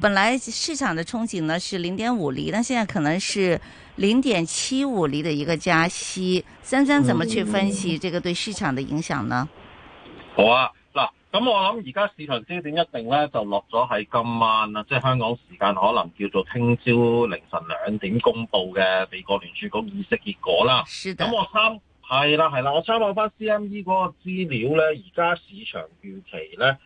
本來市場的憧憬呢是零點五厘，但現在可能是零點七五厘的一個加息。三三，怎麼去分析這個對市場的影響呢、嗯？好啊，嗱，咁我諗而家市場焦點一定咧就落咗喺今晚啦，即、就、係、是、香港時間可能叫做聽朝凌晨兩點公布嘅美國聯儲局議息結果啦。是的。咁我參係啦係啦，我參考翻 CME 嗰個資料咧，而家市場預期咧，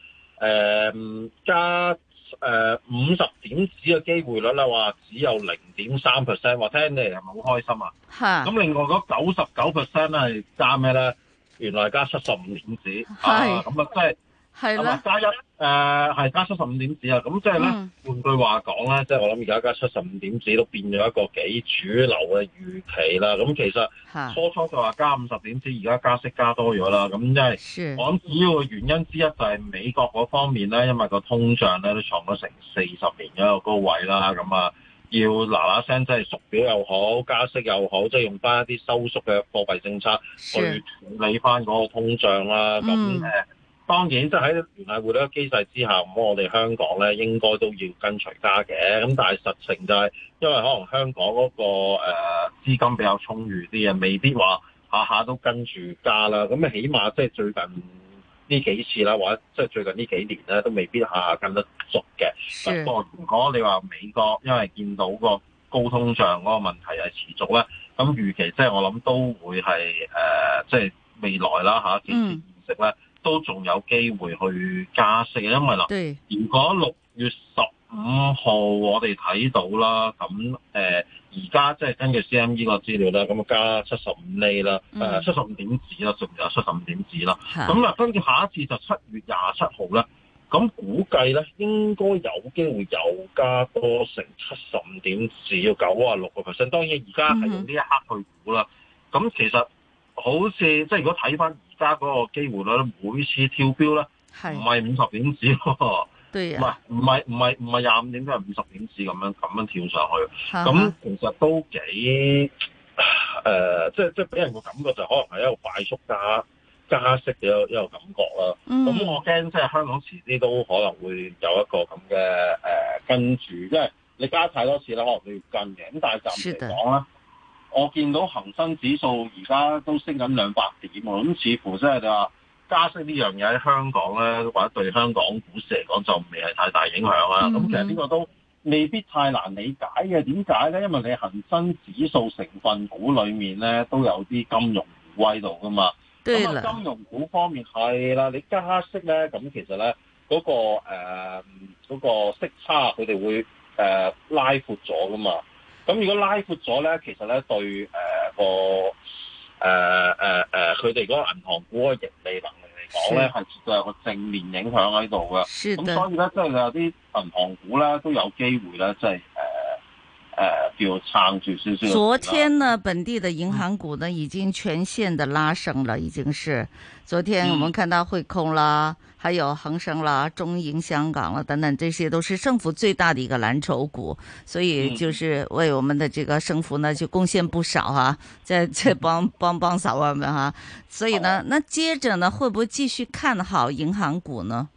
誒、呃、加。誒，五十、呃、點子嘅機會率咧，話只有零點三 percent，話聽你係咪好開心啊？係咁是另外嗰九十九 percent 咧，係加咩咧？原來加七十五點子，係咁是啊，即係。係啦，加一，誒、呃，係加七十五點子啊。咁即係咧，嗯、換句話講咧，即、就、係、是、我諗而家加七十五點子都變咗一個幾主流嘅預期啦。咁其實初初就話加五十點子，而家加息加多咗啦。咁即係，是我諗主要嘅原因之一就係美國嗰方面咧，因為個通脹咧都藏咗成四十年咗個高位啦。咁啊，要嗱嗱聲，即係縮表又好，加息又好，即、就、係、是、用翻一啲收縮嘅貨幣政策去處理翻嗰個通脹啦。咁誒是。嗯當然，即喺聯繫匯率機制之下，咁我哋香港咧應該都要跟隨加嘅。咁但係實情就係，因為可能香港嗰個誒資金比較充裕啲啊，未必話下下都跟住加啦。咁誒，起碼即係最近呢幾次啦，或者即係最近呢幾年咧，都未必下下跟得足嘅。不過是，如果你話美國，因為見到個高通脹嗰個問題係持續咧，咁預期即係我諗都會係誒，即係未來啦下漸漸加息咧。嗯都仲有機會去加息嘅，因為嗱，對如果六月十五號我哋睇到啦，咁誒而家即係根據 CME 個資料啦，咁啊加七十五厘啦，誒七十五點子啦，仲有七十五點子啦。咁啊，跟住下一次就七月廿七號啦，咁估計咧應該有機會有加多成七十五點子，要九啊六個 percent。當然而家係用呢一刻去估啦。咁、嗯、哼其實好似即係如果睇翻。加嗰個機會率咧，每次跳標咧，唔係五十點子喎，唔係唔係唔係唔係廿五點都係五十點子咁樣咁樣跳上去。咁 其實都幾誒、呃，即係即係俾人個感覺就可能係一個快速加加息嘅一,一個感覺啦。咁、嗯、我驚即係香港遲啲都可能會有一個咁嘅誒跟住，即係你加太多次咧，可能你近跟嘅。咁但係暫時嚟講啦。我見到恒生指數而家都升緊兩百點，咁似乎真係話加息呢樣嘢喺香港咧，或者對香港股市嚟講就未係太大影響啦咁、mm hmm. 其實呢個都未必太難理解嘅。點解咧？因為你恒生指數成分股裏面咧都有啲金融股喺度噶嘛。咁啊對啦，金融股方面係啦，你加息咧，咁其實咧嗰、那個誒嗰、呃那個、息差佢哋會誒、呃、拉闊咗噶嘛。咁如果拉闊咗咧，其實咧對誒個誒誒誒佢哋嗰個銀行股嘅盈利能力嚟講咧，係絕對有個正面影響喺度嘅。咁的所以咧，即係有啲銀行股咧都有機會咧，即係誒誒叫撐住少少。昨天呢，本地的銀行股呢已經全線嘅拉升了，嗯、已經是昨天我們看到匯控啦。還有恒生啦、中銀香港啦、等等，這些都是升幅最大的一個藍籌股，所以就是為我們的這個升幅呢就貢獻不少哈、啊，在在幫幫幫嫂子們哈。所以呢，那接着呢，會不會繼續看好銀行股呢？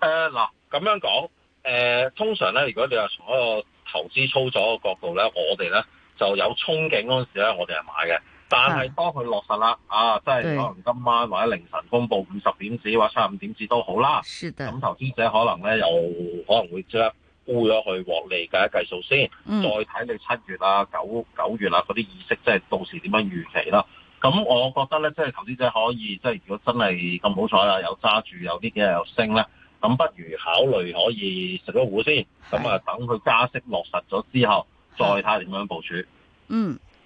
誒、嗯，嗱，咁樣講，誒，通常呢，如果你話從一個投資操作嘅角度呢，我哋呢就有憧憬嗰陣時咧，我哋係買嘅。但係當佢落實啦，的啊，即係可能今晚或者凌晨公布五十點子，或者七十五點子都好啦。是的。咁投資者可能咧，又可能會即係沽咗去獲利嘅計數先，嗯、再睇你七月啊、九九月啦嗰啲意識，即係到時點樣預期啦。咁我覺得咧，即係投資者可以，即係如果真係咁好彩啦，有揸住，有啲嘅又升咧，咁不如考慮可以食咗糊先，咁啊的等佢加息落實咗之後，的再睇下點樣部署。嗯。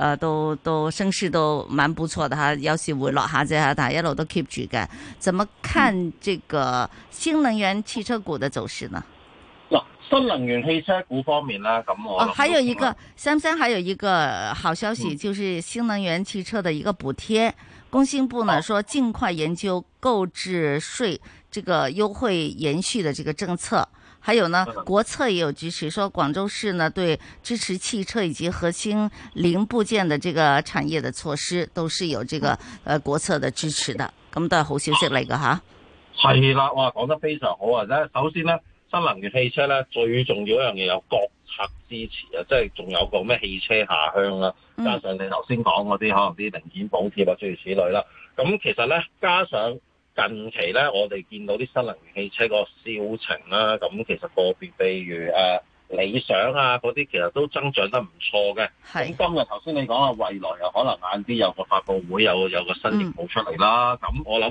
呃，都都升勢都蠻不錯的哈，有時會落下啫吓，大、啊、家一路都 keep 住嘅。怎麼看這個新能源汽車股的走勢呢？啊、新能源汽車股方面啦，咁我哦，還有一個，嗯、三三，還有一個好消息，就是新能源汽車的一個補貼，工信部呢說盡快研究購置稅這個優惠延續的這個政策。還有呢，國策也有支持，說廣州市呢對支持汽車以及核心零部件的這個產業的措施，都是有這個，呃國策的支持的，咁都係好消息嚟㗎吓。係啦、啊，哇講哈得非常好啊，咧首先呢，新能源汽車咧最重要一樣嘢有國策支持啊，即係仲有個咩汽車下鄉啦、啊嗯，加上你頭先講嗰啲可能啲零件補貼啊諸如此類啦，咁其實咧加上。近期咧，我哋見到啲新能源汽車個銷情啦，咁其實個別，譬如誒。理想啊，嗰啲其實都增長得唔錯嘅。咁的今日頭先你講啊，蔚來又可能晏啲有個發佈會，有有個新嘢冇出嚟啦。咁、嗯、我諗誒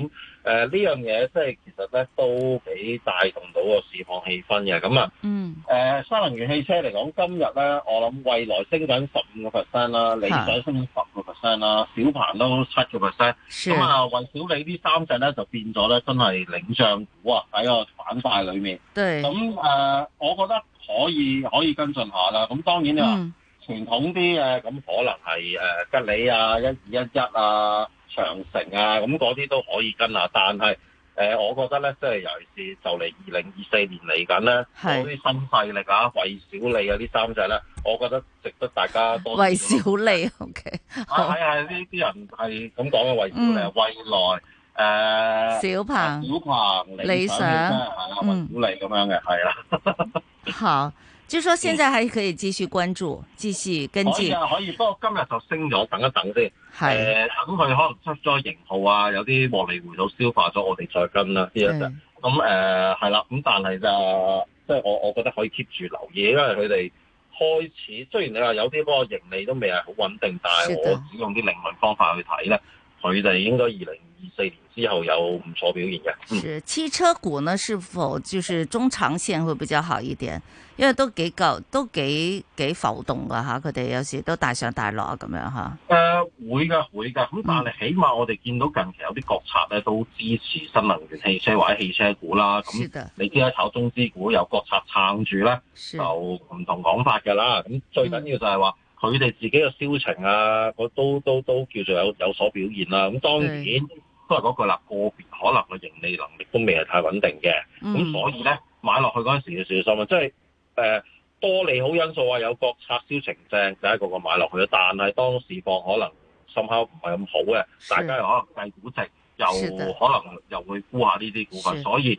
呢樣嘢，即、呃、係其實咧都幾帶動到個市況氣氛嘅。咁啊，誒、嗯呃、新能源汽車嚟講，今日咧我諗蔚來升緊十五個 percent 啦，理想升緊十個 percent 啦，的小鵬都七個 percent。咁啊的，蔚小理三隻呢三隻咧就變咗咧，真係領漲股啊喺個板塊裏面。對，咁誒、呃，我覺得。可以可以跟進下啦，咁當然你、啊、話、嗯、傳統啲咁可能係誒吉利啊、一二一一啊、長城啊，咁嗰啲都可以跟啊。但係誒、呃，我覺得咧，即係尤其是就嚟二零二四年嚟緊咧，嗰啲新勢力啊、為小利啊啲三隻咧，我覺得值得大家多。為小利 OK，係係呢啲人係咁講嘅為小利，未、嗯、來誒、呃、小鵬、啊、小鵬、理想、啊、小鵬咁樣嘅係啦。好，就是、說現在還可以繼續關注，繼是續跟進、啊。可以，不過今日就升咗，等一等先。係的，咁佢、呃、可能出咗型號啊，有啲獲利回吐消化咗，我哋再跟啦啲嘢就。咁誒，係啦，咁但係就即係我我覺得可以 keep 住留意。因為佢哋開始雖然你話有啲波盈利都未係好穩定，但係我只用啲另類方法去睇咧，佢哋應該二零二四年。之後有唔錯表現嘅，嗯、是汽車股呢？是否就是中長線會比較好一點？因為都幾夠，都幾幾浮動噶吓，佢哋有時都大上大落咁樣吓。誒、呃，會噶會噶，咁但係起碼我哋見到近期有啲國策咧，都支持新能源汽車或者汽車股啦。是的你知啦，炒中資股有國策撐住是不啦，就唔同講法噶啦。咁最緊要就係話佢哋自己嘅銷情啊，都都都，都叫做有有所表現啦。咁當然。都係嗰句啦，個別可能個盈利能力都未係太穩定嘅，咁所以咧買落去嗰陣時要小心啊！即係誒、呃、多利好因素啊，有國策、銷情正，就一個個買落去。但係當時況可能深刻唔係咁好嘅，大家又可能計估值，又可能又會沽下呢啲股份，所以。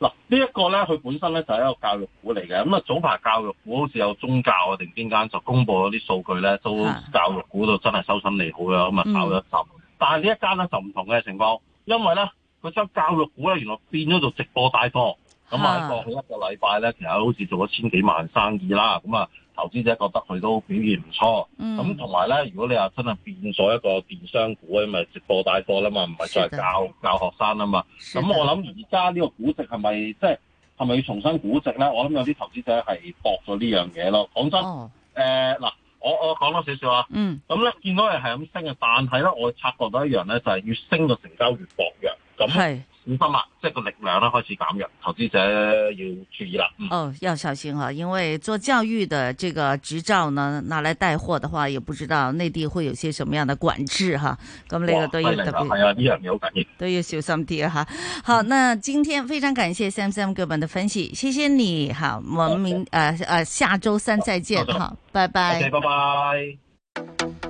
嗱，呢一個咧，佢本身咧就係一個教育股嚟嘅。咁、嗯、啊，早排教育股好似有宗教啊定邊間就公布咗啲數據咧，都教育股度真係收心利好嘅，咁啊炒咗一集，但係呢一間咧就唔同嘅情況，因為咧佢將教育股咧原來變咗做直播帶貨。咁啊，嗯嗯、過去一個禮拜咧，其實好似做咗千幾萬生意啦，咁、嗯、啊，投資者覺得佢都表現唔錯。咁同埋咧，如果你話真係變咗一個電商股因咪、即係、直播帶貨啦嘛，唔係再教的教學生啊嘛。咁的、嗯、我諗而家呢個估值係咪即係係咪要重新估值咧？我諗有啲投資者係搏咗呢樣嘢咯。講真，誒嗱、哦呃，我我講多少少啊。嗯。咁咧、嗯，見到係係咁升嘅，但係咧，我察覺到一樣咧，就係、係、越升嘅成交越薄弱。係。五分啊，即係個力量咧開始減弱，投資者要注意啦。嗯、哦，要小心啊，因為做教育的這個執照呢，拿來帶貨的話，也不知道內地會有些什麼樣的管制哈、啊。咁呢個哇都要都要留意，都要小心啲哈、啊。好，嗯、那今天非常感謝 Sam Sam 給我們的分析，謝謝你、啊。好 Okay.，我們明呃呃下周三再見。好，好周拜拜。拜拜、okay,。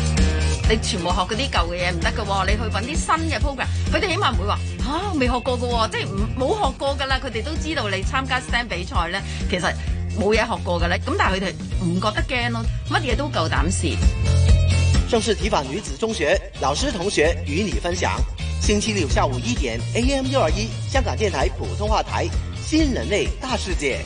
你全部學嗰啲舊嘅嘢唔得噶，你去搵啲新嘅 program，佢哋起碼唔會話吓未學過噶、哦，即係唔冇學過噶啦。佢哋都知道你參加 STEM 比賽咧，其實冇嘢學過噶咧。咁但係佢哋唔覺得驚咯、哦，乜嘢都夠膽試。聖士提反女子中學老師同學與你分享，星期六下午一點，A.M. 六二一香港電台普通話台，新人類大世界。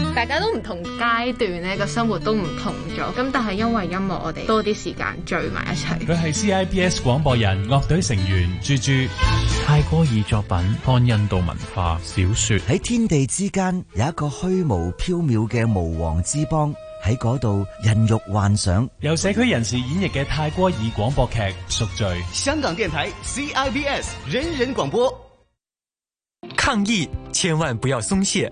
大家都唔同階段咧，個生活都唔同咗。咁但係因為音樂，我哋多啲時間聚埋一齊。佢係 CIBS 廣播人，樂隊成員朱朱，珠珠泰戈爾作品《看印度文化小說》。喺天地之間有一個虛無縹緲嘅無王之邦，喺嗰度孕育幻想。由社區人士演繹嘅泰戈爾廣播劇《贖罪》，香港電台 CIBS 人人廣播。抗疫千萬不要鬆懈。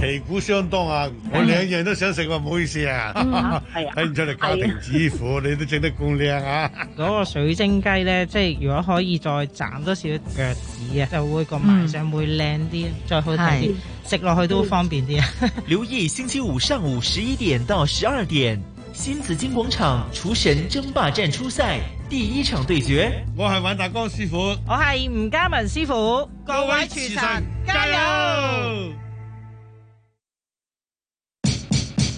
旗鼓相當啊！我兩樣都想食，話唔好意思啊。嗯，係啊，睇唔出嚟，家庭主婦，你都整得咁靚啊！嗰個水晶雞咧，即係如果可以再斬多少腳趾啊，就會個賣相會靚啲，再好睇啲，食落去都方便啲啊！留意星期五上午十一點到十二點，新紫荊廣場廚神爭霸戰初賽第一場對決。我係尹達哥師傅，我係吳嘉文師傅，各位廚神加油！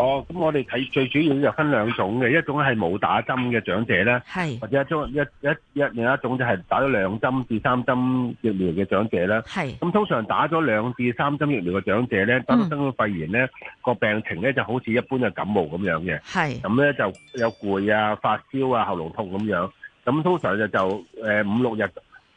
哦，咁我哋睇最主要就分兩種嘅，一種係冇打針嘅長者咧，是或者一種一一一另一種就係打咗兩針至三針疫苗嘅長者咧。咁是通常打咗兩至三針疫苗嘅長者咧，得新冠肺炎咧個、嗯、病情咧就好似一般嘅感冒咁樣嘅。咁咧是就有攰啊、發燒啊、喉嚨痛咁樣。咁通常就就誒五六日。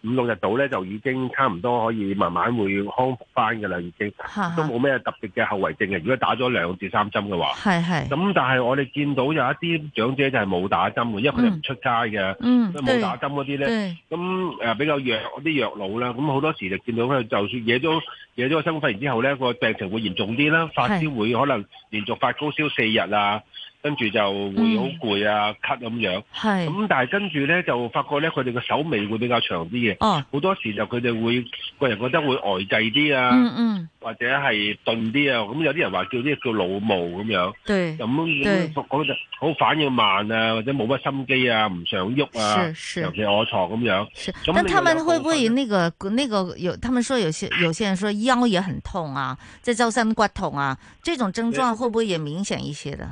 五六日到咧就已經差唔多可以慢慢會康復翻㗎啦，已經係係都冇咩特別嘅後遺症嘅。如果打咗兩至三針嘅話，咁是但係我哋見到有一啲長者就係冇打針因為佢哋唔出街嘅，冇、嗯、打針嗰啲咧。咁、嗯、比較弱啲弱腦啦。咁好多時就見到佢，就算惹咗惹咗個新冠肺炎之後咧，個病情會嚴重啲啦，發燒會可能連續發高燒四日啊。跟住就會好攰啊，嗯、咳咁樣。係是。咁但係跟住咧就發覺咧，佢哋嘅手尾會比較長啲嘅。哦。好多時就佢哋會個人覺得會呆滯啲啊，嗯嗯、啊。嗯嗯。或者係鈍啲啊，咁有啲人話叫啲叫老毛咁樣。對，咁咁就好反應慢啊，或者冇乜心機啊，唔想喐啊，是是尤其是我床咁樣。咁是，但係佢哋會唔會？啊？會不會那個那個有，他們說有些有些人說腰也很痛啊，即係周身骨痛啊，這種症狀會不會也明顯一些呢？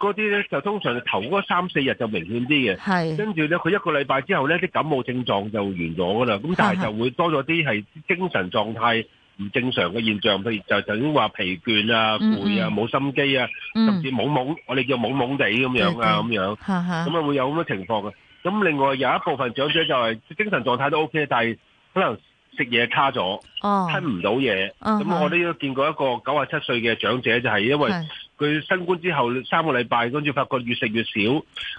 嗰啲咧就通常頭嗰三四日就明顯啲嘅，跟住咧佢一個禮拜之後咧啲感冒症狀就會完咗噶啦，咁但係就會多咗啲係精神狀態唔正常嘅現象，譬是如就曾經話疲倦啊、攰啊、冇、嗯嗯、心機啊，甚至懵懵，嗯、我哋叫懵懵地咁樣啊咁是樣，咁啊是會有咁嘅情況嘅。咁另外有一部分長者就係精神狀態都 OK，但係可能食嘢差咗，吞唔、哦、到嘢。咁、哦、我呢都見過一個九十七歲嘅長者就係、是、因為。佢新冠之後三個禮拜，跟住發覺越食越少，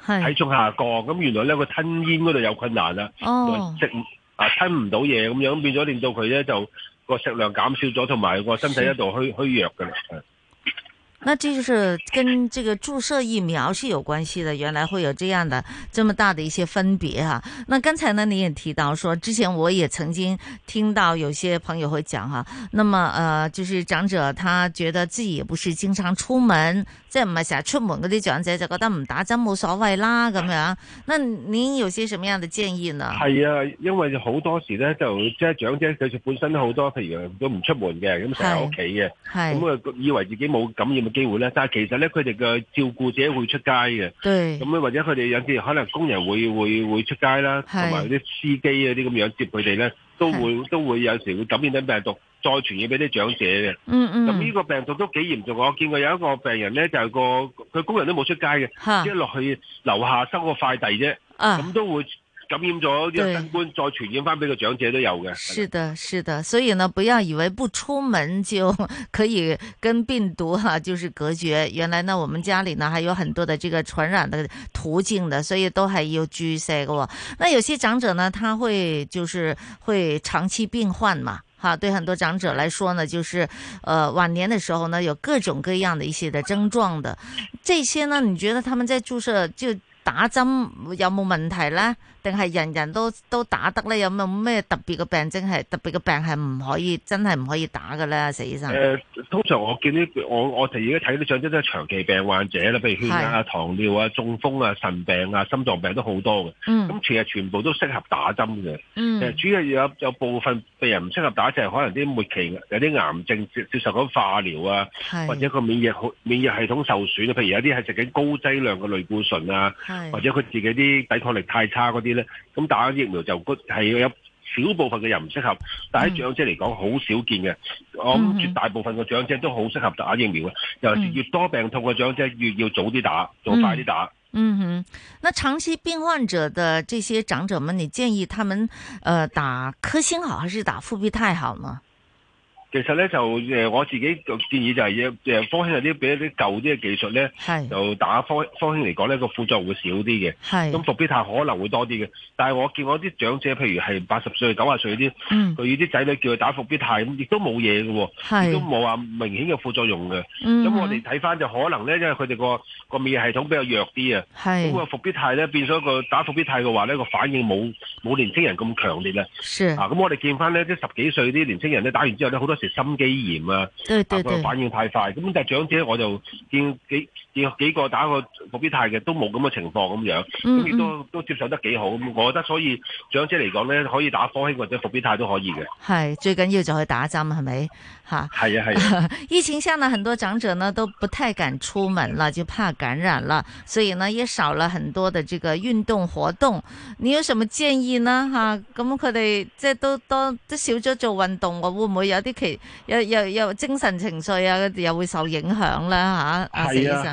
是體重下降。咁原來咧，佢吞嚥嗰度有困難啦，食啊、哦、吞唔到嘢咁樣，變咗令到佢咧就個食量減少咗，同埋個身體一度虛、虛弱㗎啦。那這就是跟這個注射疫苗是有關係的，原來會有這樣的這麼大的一些分別哈。那剛才呢，你也提到說，之前我也曾經聽到有些朋友會講哈。那麼，呃，就是長者他覺得自己也不是經常出門，即係唔係成日出門啲長者就覺得唔打針冇所謂啦咁樣。那您有些什麼樣的建議呢？係啊，因為好多時咧就即係長者佢哋本身都好多，譬如都唔出門嘅，咁成日喺屋企嘅，咁啊以為自己冇感染機會咧，但係其實咧，佢哋嘅照顧者會出街嘅，咁咧對或者佢哋有時可能工人會會會出街啦，同埋啲司機啊啲咁樣接佢哋咧，都會是都會有時會感染緊病毒，再傳染俾啲長者嘅。嗯嗯。咁呢個病毒都幾嚴重，我見過有一個病人咧，就係、個佢工人都冇出街嘅，哈一落去樓下收個快遞啫，咁、啊、都會。感染咗啲新冠，對再傳染翻俾個長者都有嘅。是的，是的，是的，所以呢，不要以為不出門就可以跟病毒哈、啊，就是隔絕。原來呢，我們家裏呢，還有很多的這個傳染的途徑的，所以都還有居塞過。那有些長者呢，他會就是會長期病患嘛，哈，對很多長者來說呢，就是，呃，晚年的時候呢，有各種各樣的一些的症狀的。這些呢，你覺得他們在注射就打針有冇問題呢？定係人人都都打得咧？有冇咩特別嘅病症係特別嘅病係唔可以真係唔可以打嘅咧？佘醫生。誒、呃，通常我見啲我我哋而家睇啲長者都係長期病患者啦，譬如血壓啊、是糖尿啊、中風啊、腎病啊、心臟病、啊、都好多嘅。咁其實全部都適合打針嘅。嗯、主要有有部分病人唔適合打，就係、是、可能啲末期有啲癌症接接受咗化療啊，是或者個免疫好免疫系統受損，譬如有啲係食緊高劑量嘅類固醇啊，是或者佢自己啲抵抗力太差嗰啲。咁打疫苗就個係有少部分嘅人唔適合，但係喺長者嚟講好少見嘅。我諗絕大部分嘅長者都好適合打疫苗嘅。尤其是越多病痛嘅長者，越要早啲打，早快啲打。嗯哼、mm，hmm. 那長期病患者的這些長者們，你建議他們，誒，打科興好還是打復必泰好呢？其實咧就誒、呃、我自己個建議就係要誒，科興有啲俾一啲舊啲嘅技術咧，是就打科科興嚟講咧，個副作用會少啲嘅。咁復是必泰可能會多啲嘅，但係我見我啲長者，譬如係八十歲、九啊歲啲，佢啲仔女叫佢打復必泰，咁亦都冇嘢嘅，亦是都冇話明顯嘅副作用嘅。咁、嗯、哼我哋睇翻就可能咧，因為佢哋個個免疫系統比較弱啲啊。咁個復必泰咧，變咗個打復必泰嘅話咧，個反應冇冇年輕人咁強烈啊。咁我哋見翻咧，即十幾歲啲年輕人咧，打完之後咧好多。食心肌炎啊，或者反應太快，咁但係長者我就見幾。有幾個打過復必泰嘅都冇咁嘅情況咁樣，咁亦都都接受得幾好。嗯嗯，我覺得所以長者嚟講咧，可以打科興或者復必泰都可以嘅。係最緊要就去打針係咪？嚇，係啊係、啊啊。疫情下呢，很多長者呢都不太敢出門啦，就怕感染啦，所以呢也少了很多的這個運動活動。你有什麼建議呢？咁佢哋即都都都少咗做運動，會唔會有啲其有有有精神情緒啊又會受影響啦啊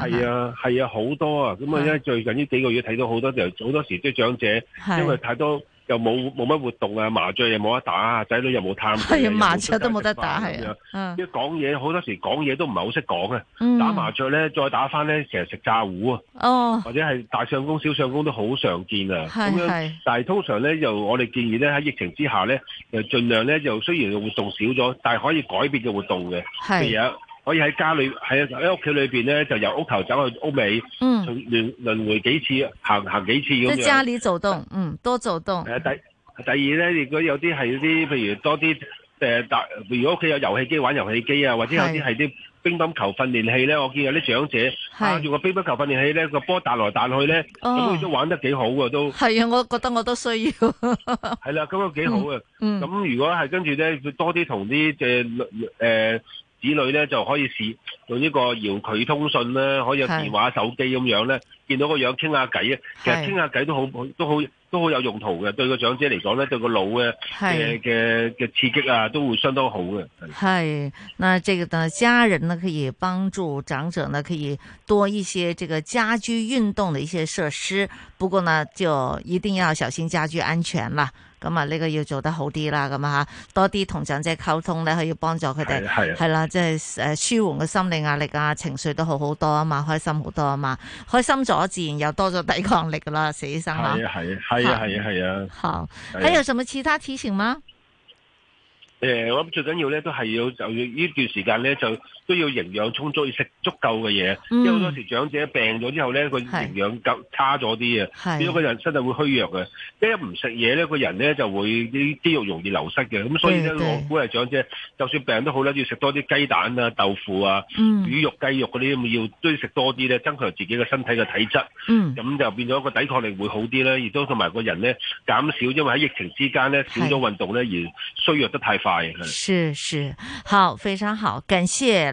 係啊，係啊，好多啊！咁、嗯、啊，因為最近呢幾個月睇到好多，就好多時即係長者，因為太多又冇冇乜活動啊，麻雀又冇得打啊，仔女又冇探係啊，麻雀都冇得打係啊，一講嘢好多時講嘢都唔係好識講啊，嗯、打麻雀咧再打翻咧，成日食炸糊啊，哦、或者係大相公、小相公都好常見啊，咁是樣，但係通常咧，就我哋建議咧，喺疫情之下咧，就儘量咧，就雖然活動少咗，但係可以改變嘅活動嘅嘅啊。是可以喺家裏，喺喺屋企裏邊咧，就由屋頭走去屋尾，從、嗯、輪輪迴幾次，行行幾次咁樣。在家中走動，嗯，多做動。誒第、啊、第二咧，如果有啲係啲，譬如多啲誒，呃、如果屋企有遊戲機玩遊戲機啊，或者有啲係啲乒乓球訓練器咧，是我見有啲長者用是、啊、個乒乓球訓練器咧，個波彈來彈去咧，咁佢、哦、都玩得幾好嘅都。係啊，我覺得我都需要。係 啦、啊，咁又幾好嘅。咁、嗯嗯、如果係跟住咧，佢多啲同啲嘅誒。呃子女咧就可以使用呢個遙距通訊啦，可以有電話手機這、手機咁樣咧，見到個樣傾下偈啊。其實傾下偈都好是都好，都好都好有用途嘅。對個長者嚟講咧，對個腦咧嘅嘅嘅刺激啊，都會相當好嘅。係，那這個呢，家人呢可以幫助長者呢，可以多一些這個家居運動的一些設施。不過呢，就一定要小心家居安全啦。咁啊，呢個要做得好啲啦，咁啊吓，多啲同長者溝通咧，可以要幫助佢哋。係啦，即係誒舒緩個心理壓力啊，情緒都好好多啊嘛，開心好多啊嘛，開心咗自然又多咗抵抗力噶啦，佘醫生啊。係啊係啊係啊係啊。是是是是是好，喺度的有冇其他事情嗎？誒、欸，我諗最緊要咧都係要就要呢段時間咧就。都要營養充足，要食足夠嘅嘢，因為好多時長者病咗之後咧，佢營養夠差咗啲啊，變咗個人身體會虛弱嘅。一唔食嘢咧，個人咧就會啲肌肉容易流失嘅。咁對所以咧，我估係長者，就算病好都好咧，要食多啲雞蛋啊、豆腐啊、嗯、魚肉、雞肉嗰啲，要都要食多啲咧，增強自己嘅身體嘅體質。咁、嗯、就變咗個抵抗力會好啲啦，亦都同埋個人咧減少，因為喺疫情之間咧少咗運動咧，而衰弱得太快。係係，好，非常好，感謝。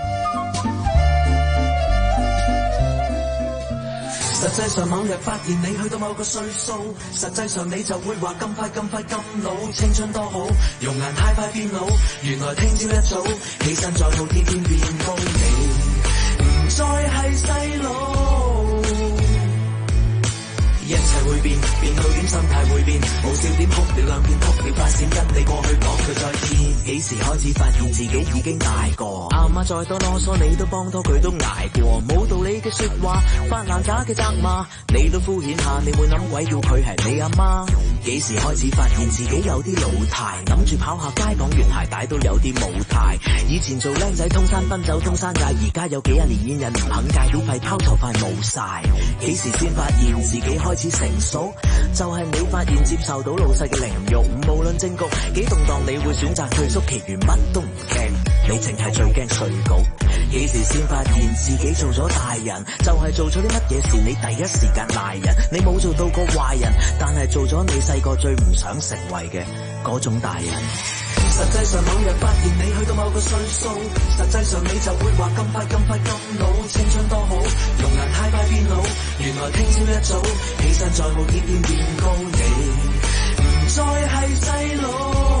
實際上某日發現你去到某個歲數，實際上你就會話咁快咁快咁老，青春多好，容顏太快變老。原來聽朝一早起身再好一點，天天變高，你唔再係細佬。一切會變，變到點心態會變，無笑點哭了兩遍，兩片哭了髮線跟你過去講佢再見。幾時開始發現自己已經大個？阿媽再多囉嗦，你都幫拖佢都捱過。冇道理嘅説話，發爛渣嘅責罵，你都敷衍下。你會諗鬼叫佢係你阿媽？幾時開始發現自己有啲老態？諗住跑下街講完鞋帶都有啲冇態。以前做靚仔通山奔走通山界，而家有幾廿年煙癮唔肯戒，肯界啲費拋頭快冇晒。幾時先發現自己開始？成熟，就係、是、你發現接受到老細嘅凌辱。無論政局幾動盪，你會選擇退縮其餘。其餘乜都唔驚，你淨係最驚稅局。幾時先發現自己做咗大人？就係、是、做咗啲乜嘢事，你第一時間賴人。你冇做到個壞人，但係做咗你細個最唔想成為嘅嗰種大人。實際上，某日發現你去到某個歲數，實際上你就會話咁快咁快咁老，青春多好，容顏太快變老。原來聽朝一早起身，再冇點點變高，你唔再係細佬。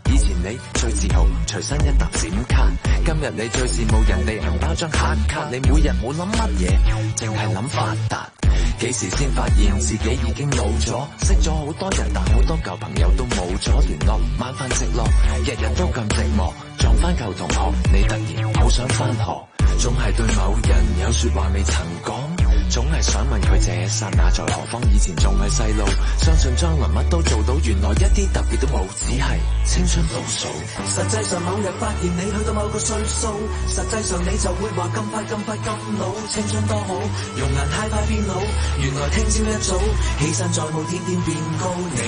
以前你最自豪隨身一沓閃卡，今日你最羨慕人哋銀包張黑卡。你每日冇諗乜嘢，淨係諗發達。幾時先發現自己已經老咗？識咗好多人，但好多舊朋友都冇咗聯絡。晚飯直落，日日都咁寂寞。撞翻舊同學，你突然好想翻學，仲係對某人有説話未曾講。總係想問佢，這一剎那在何方？以前仲係細路，相信將來乜都做到，原來一啲特別都冇，只係青春倒數。實際上某日發現你去到某個歲數，實際上你就會話咁快咁快咁老。青春多好，容顏太快變老。原來聽朝一早起身再冇，點點變高，你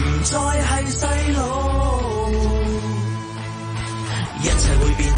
唔再係細路，一切會變。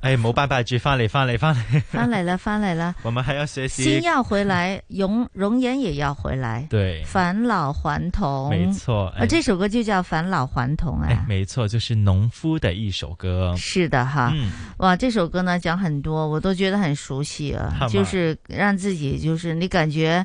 哎，冇拜拜住翻嚟，翻嚟，翻嚟，翻嚟啦，翻嚟啦， 我們還要學習心要回來，容容顏也要回來， 對返、哎，返老還童，沒錯，啊，這首歌就叫返老還童，哎，沒錯，就是農夫的一首歌，是的哈，嗯、哇，這首歌呢講很多，我都覺得很熟悉啊，嗎就是讓自己，就是你感覺。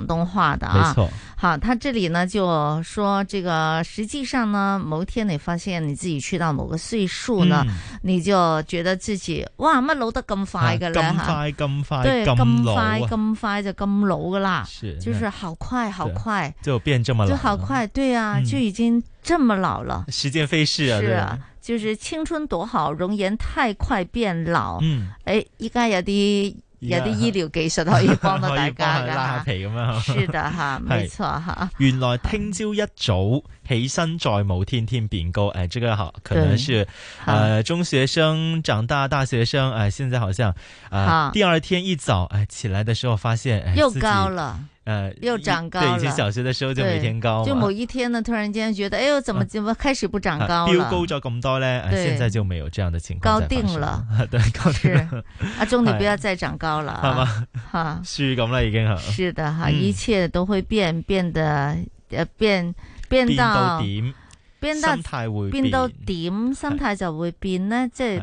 廣東話的啊，沒錯，好，他這裏呢就說這個，實際上呢，某一天你發現你自己去到某個歲數呢，你就覺得自己哇，乜老得咁快噶嘞，咁快、咁快、咁老、咁快就咁老噶啦，是，就是好快、好快，就變這麼老，就好快，對啊，就已經這麼老了，時間飛逝啊，是啊，就是青春多好，容顏太快變老，嗯，哎，依家有啲。有啲醫療技術可以幫到大家噶， 拉下皮咁樣，係啊， 冇錯吓。原來聽朝一早起身再冇天天變高，哎，這個好可能是，誒，中學生長大大學生，哎、呃，現在好像，呃、好第二天一早，哎，起來的時候發現，又高了。呃，又長高了對，以前小學的時候就每天高，就某一天呢，突然間覺得，哎呦，怎麼怎麼開始不長高了？飆高咗咁多呢？現在就沒有這樣的情況。高定了，對，高定了。阿忠，你不要再長高了，好嗎？哈，輸咁啦，已經啊。是的哈，一切都會變，變得呃變變到點，變到變到變到點，心態就會變呢，即係。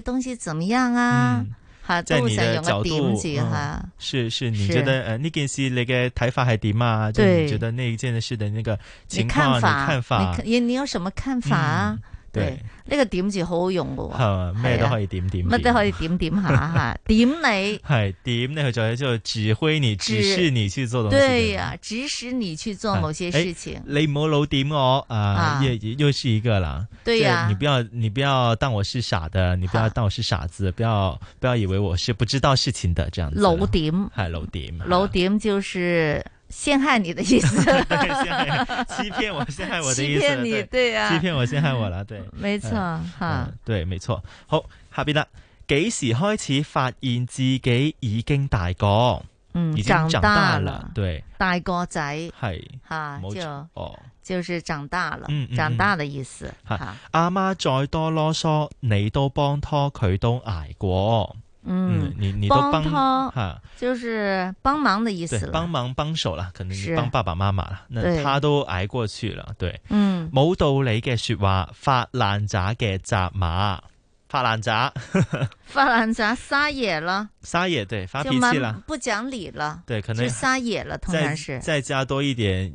啲東西怎麼樣啊？喺、嗯、在你的角度，哈、 嗯，是是，你覺得是呃，呢件事你嘅睇法係點啊？對，就你覺得那一件事的那個情況，看法，你看法，你，你有什麼看法啊？嗯對，呢個點字好好用嘅喎，係咩都可以點點，乜都可以點點下下，點你係點你去再喺度指揮你，指使你去做東西，對呀，指使你去做某些事情。你唔好老點我啊，啊，又又是一個啦，對呀，你不要你不要當我是傻的，你不要當我是傻子，不要不要以為我是不知道事情的這樣子。老點係老點，老點就是。陷害你的意思，欺騙我陷害我的意思，對啊，欺騙我陷害我啦，對，沒錯，啊，對，沒錯，好，下邊啦，幾時開始發現自己已經大個，嗯，已經長大啦，對，大個仔，係，啊，冇錯，哦，就是長大啦，嗯，長大的意思，阿媽再多囉嗦，你都幫拖，佢都挨過。嗯，你你都幫、嗯、幫他哈，就是幫忙的意思對，幫忙幫手了，可能你幫爸爸媽媽了。是那他都挨過去了，對。嗯對，冇道理嘅說話，發爛渣嘅雜馬，發爛渣， 發爛渣，撒野了，撒野對，發脾氣了，不講理了，了對，可能是撒野了，通常是再加多一點。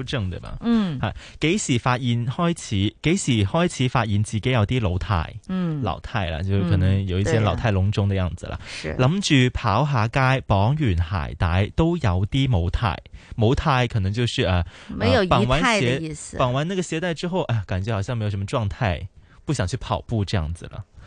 正對吧？嗯，係幾、啊、時發現開始？幾時開始發現自己有啲老態？嗯，老態啦，就可能有一些老態龍鍾的樣子啦。諗住、嗯、跑下街，綁完鞋帶都有啲冇態，冇態可能就是誒、啊、啊、沒有儀態的意思。綁完鞋，綁完那個鞋帶之後，啊、哎，感覺好像沒有什麼狀態，不想去跑步這樣子了。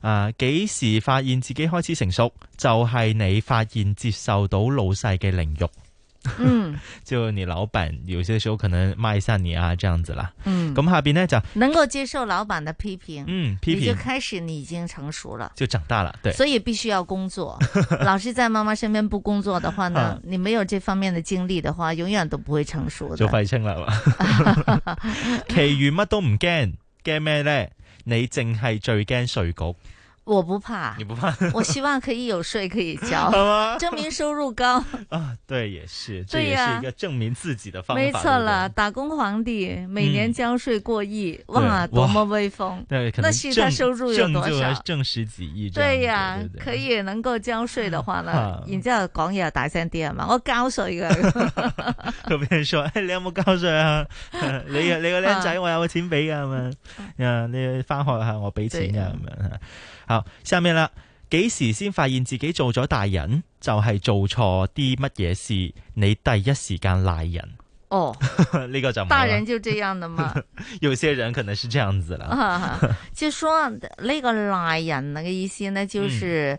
啊！幾時發現自己開始成熟，就係、是、你發現接受到老細嘅凌辱。嗯，就 你老闆，有些時候可能罵晒你啊，這樣子啦。嗯，咁下邊呢，就能夠接受老闆嘅批評。嗯，批評就開始你已經成熟了，就長大了。對，所以必須要工作。 老實在媽媽身邊不工作的話呢， 你沒有這方面的經歷的話，永遠都不會成熟。就廢青啦。 其餘乜都唔驚，驚咩咧？你淨係最驚稅局。我不怕，你不怕？我希望可以有稅可以交，證明收入高啊！對，也是，這也是一個證明自己的方法。沒錯啦，打工皇帝每年交稅過億，哇，多麼威風！對，那現在收入有多少？掙就十幾億。對呀，可以能夠交稅的話呢，然之後講嘢又大聲啲嘛？我交稅噶，就別人說誒，你有冇交稅啊？你啊，你個靚仔，我有個錢俾噶係嘛？啊，你翻學下，我俾錢啊咁樣。好，下面啦？幾時先發現自己做咗大人？就係、是、做錯啲乜嘢事，你第一時間賴人。哦，呢 個真。大人就這樣的嘛？ 有些人可能是這樣子啦。就說呢個賴人那個意思呢，就是。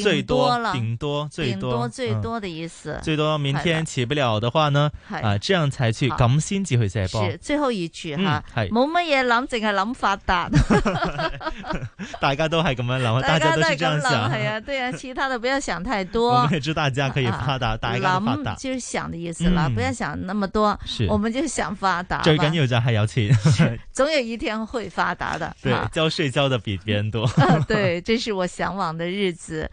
最多了，頂多，最多，最多的意思。最多明天起不了的話呢？啊，這樣才去更新機會再報。是最後一句哈，冇乜嘢諗，淨係諗發達。大家都係咁樣諗，大家都係咁諗，係啊，對啊，其他的不要想太多。我們也祝大家可以發達，大家發達。諗就是想的意思啦，不要想那麼多。是，我們就想發達嘛。最緊要就係有錢。總有一天會發達的。對，交稅交得比別人多。對，這是我向往的日子。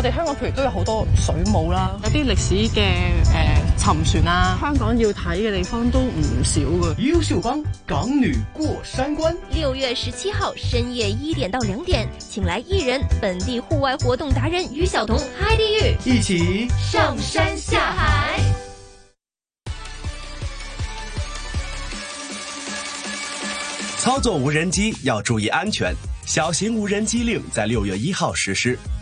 我哋香港譬如都有好多水母啦，啊，有啲歷史嘅，誒、呃、沉船啦，啊，香港要睇嘅地方都唔少嘅。小軍，港女過山關。六月十七號深夜一點到兩點，請來藝人、本地戶外活動達人于曉彤，嗨地獄，一起上山下海。操作無人機要注意安全，小型無人機令在六月一號實施。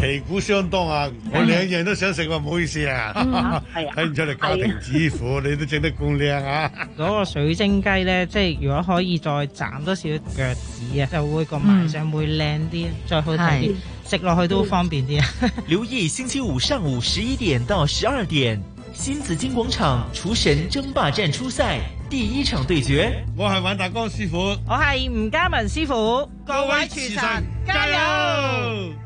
旗鼓相當啊！我兩樣都想食，唔好意思啊。睇唔出你家庭主婦，你都整得咁靚啊！嗰個水晶雞咧，即係如果可以再斬多少腳趾啊，就會個賣相會靚啲，再好睇啲，食落去都方便啲。留意星期五上午十一點到十二點，新紫荊廣場廚神爭霸戰初賽第一場對決。我係尹達哥師傅，我係吳嘉文師傅，各位廚神加油！